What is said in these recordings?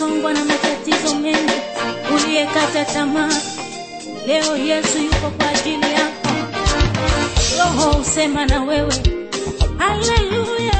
ulisombwa na matatizo mengi, uliyekata tamaa, leo Yesu yuko kwa ajili yako. Roho usema na wewe, haleluya.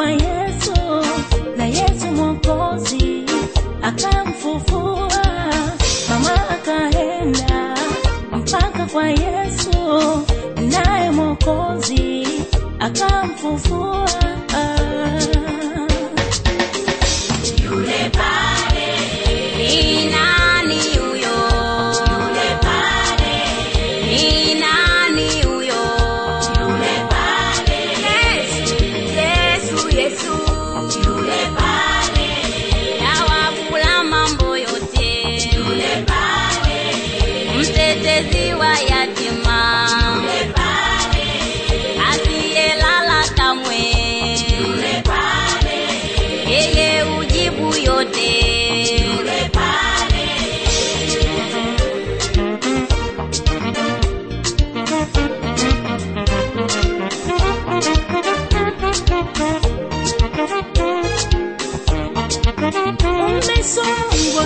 kwa Yesu na Yesu Mwokozi akamfufua mama akaenda mpaka kwa Yesu naye Mwokozi mlezi yatima asiyelala kamwe umesongwa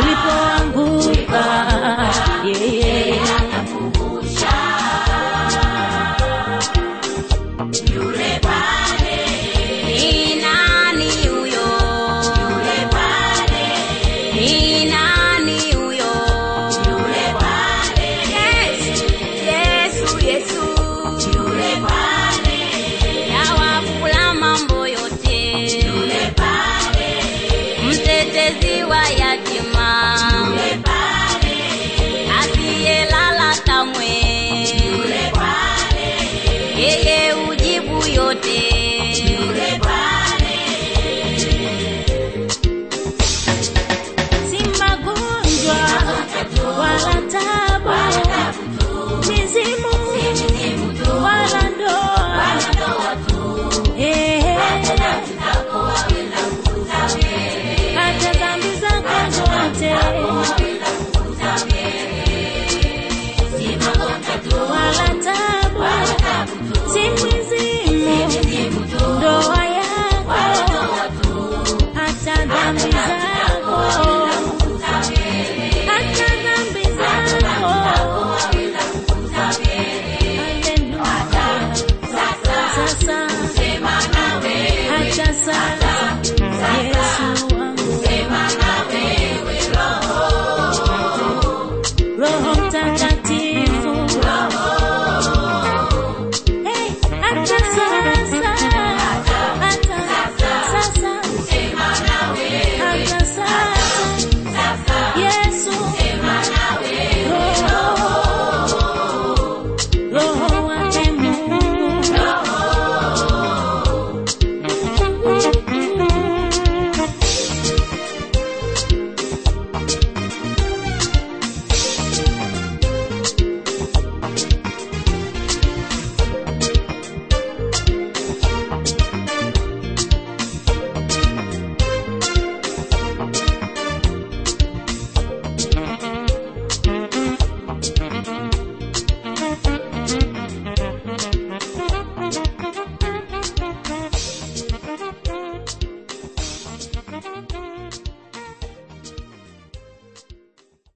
sleep on.